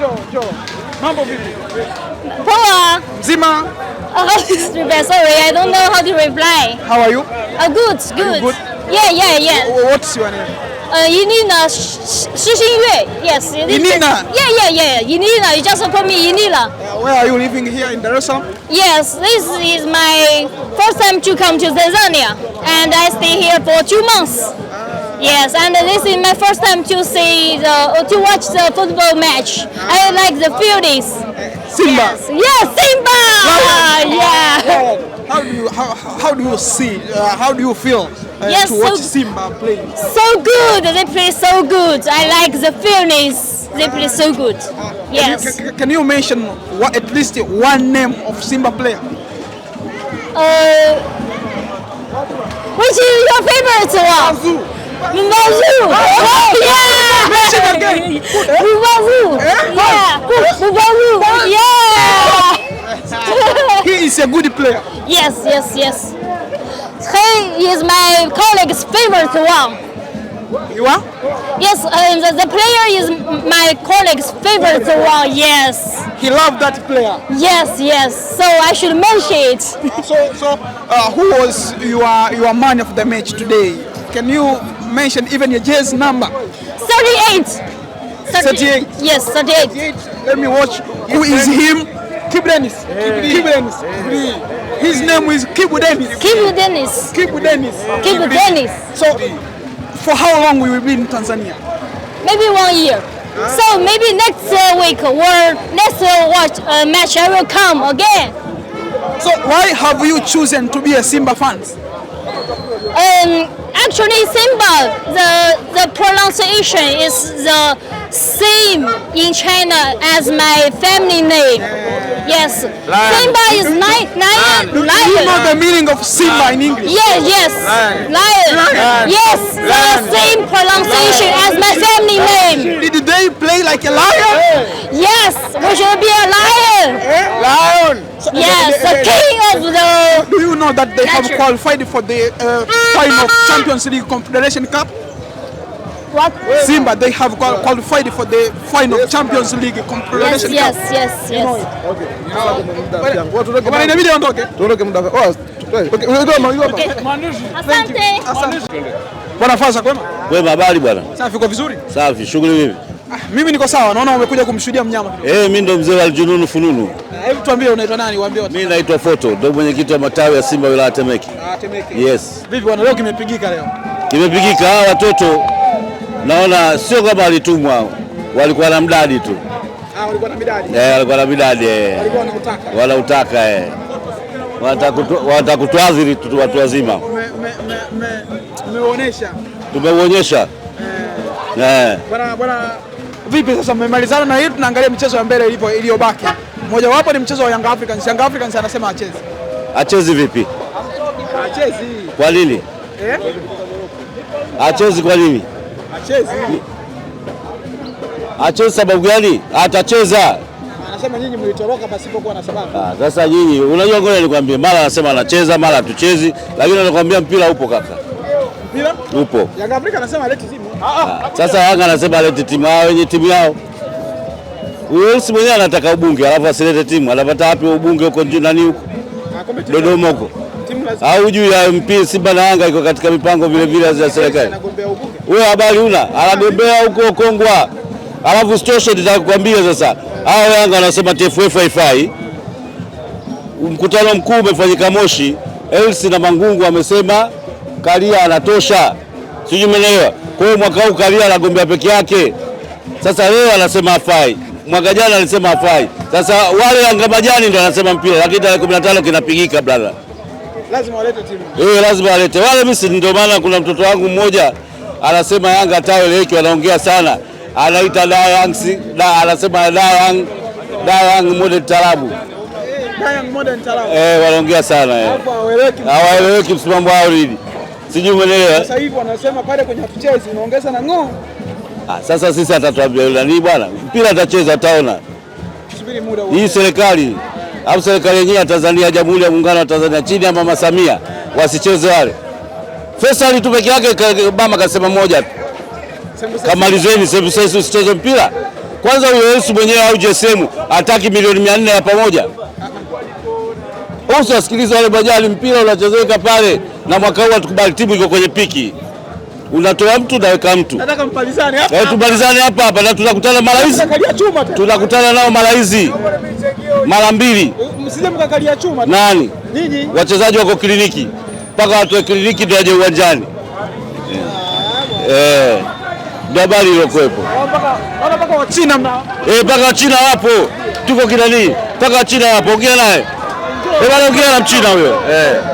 Joe, Zima. Mambo vipi? Poa. Mzima? Sorry, I don't know how to reply. How are you? Uh, good, good. good? Yeah, yeah, yeah. W what's your name? Uh, Yinina Shixingyue. Yes, it is. Yinina? Yeah, yeah, yeah. Yinina. You just call me Yinina. Uh, where are you living here in Dar Yes, this is my first time to come to Tanzania. And I stay here for two months. Yes, and this is my first time to see the to watch the football match. I like the feelings. Simba. Yes, yes Simba. Yeah. How do you how, how do you see uh, how do you feel uh, yes, to watch Simba play? So good. They play so good. I like the feelings. They play so good. Uh, yes. Can you, can you mention what, at least one name of Simba player? Uh, which is your favorite one? Azu. Mbazu! Yeah! Say it again! Mbazu! Yeah! Mbazu! Eh? Yeah! He is a good player. Yes, yes, yes. He is my colleague's favorite one. You are? Yes, um, the, the, player is my colleague's favorite one, yes. He loved that player? Yes, yes. So I should mention it. so so uh, who was your, your man of the match today? Can you mention even your jersey number? 38. 38. 38. Yes, 38. 38. Let me watch. Who is him? Kibu Dennis. Kibu Dennis. His name is Kibu Dennis. Kibu Dennis. Kibu Dennis. Kibu Dennis. So, for how long will we be in Tanzania? Maybe one year. So maybe next uh, week or next uh, watch uh, match I will come again. So why have you chosen to be a Simba fans? Um, actually symbol. The the pronunciation is the same in China as my family name. Yes. Lion. Simba is lion. Lion. Do, you know the meaning of Simba in English? Yes, yes. Lion. lion. lion. Yes, the same pronunciation as my family name. Did they play like a lion? Yes, we should be a lion. Eh? Lion. Yes, the king of the... Do you know that they have qualified for the uh, mm, final mm, mm. Champions League Confederation Cup? What? Simba they have qualified for the final Champions League competition. Yes, yes, yes. Okay. ondoke. Okay. muda. Asante. Bwana kwema? Kwema, habari bwana. Safi, vizuri? Safi, shughuli vipi? Ah, mimi niko sawa. Naona umekuja kumshuhudia mnyama. Eh, mimi ndo mzee wa Aljununu Fununu. Ah, hebu tuambie unaitwa nani? Waambie watu. Mimi naitwa Foto, ndo mwenyekiti wa matawi ya Simba wilaya Temeke. Ah, Temeke. Yes. Vipi bwana, leo kimepigika leo? Kimepigika, watoto naona sio kama walitumwa, walikuwa na mdadi tu, ah, walikuwa na midadi, wanautaka wanataka kutuadhiri watu wazima. Tumeuonyesha eh. eh. bwana. Vipi sasa, mmemalizana na hili, tunaangalia michezo ya mbele iliyobaki. Mmojawapo ni mchezo wa Young Africans. Young Africans anasema acheze. Achezi vipi? Achezi kwa nini? Eh? Achezi kwa nini? Acheze. Acheze sababu gani? Atacheza. Anasema nyinyi mlitoroka pasipokuwa na sababu. Ah, sasa nyinyi unajua ngoja nikwambie, mara anasema anacheza, mara hatuchezi, lakini anakuambia mpira upo kaka. Mpira? Upo. Yanga Afrika anasema leti timu. Ah, ah, sasa Yanga anasema leti timu yao wenye timu yao. Uweusi mwenyewe anataka ubunge, alafu asilete timu, anapata wapi ubunge huko nani huko? Ah, Dodoma huko. Au juu ya mpira Simba na Yanga iko katika mipango vile vile za serikali wewe habari una anagombea huko Kongwa, alafu stosho nitakwambia sasa. Hao Yanga wanasema TFF haifai. Mkutano mkuu umefanyika Moshi, Elsi na Mangungu amesema Kalia anatosha, sijui umeelewa. Kwa hiyo mwaka huu Kalia anagombea peke yake. Sasa leo anasema hafai, mwaka jana alisema hafai. Sasa wale Yanga majani ndio anasema mpira, lakini tarehe 15 kinapigika brother. lazima walete timu eh, lazima walete wale. Mimi ndio maana kuna mtoto wangu mmoja anasema Yanga taeleweki, wanaongea sana, anaita Dayang da, anasema da Yang modern tarabu eh, wanaongea sana, eh. hawaeleweki msimamo wao lini, sijui umeelewa. Sasa hivi wanasema pale kwenye mchezo unaongeza na ngo. Ah, sasa sisi atatuambia yule nani bwana, mpira atacheza, ataona. Hii serikali au serikali yenyewe ya Tanzania, Jamhuri ya Muungano wa Tanzania chini ya Mama Samia wasicheze wale Faisal tu peke yake Obama kasema moja tu, kamalizeni tucheze mpira kwanza. Huyo Yesu mwenyewe au Jesemu hataki milioni mia nne ya pamoja. sikiliza wale bajali, mpira unachezeka pale, na mwaka huu hatukubali, timu iko kwenye piki, unatoa mtu naweka mtu, mpalizane eh, hapa hapa na tunakutana mara hizi, tunakutana nao mara hizi mara mbili. Nani wachezaji wako kliniki mpaka watu wa kliniki ndio waje uwanjani eh. Eh. ndio habari iliokuwepo oh, mpaka wachina eh, wapo, tuko kinanii mpaka wachina wapo, ongea naye bana, ongea na mchina huyo eh.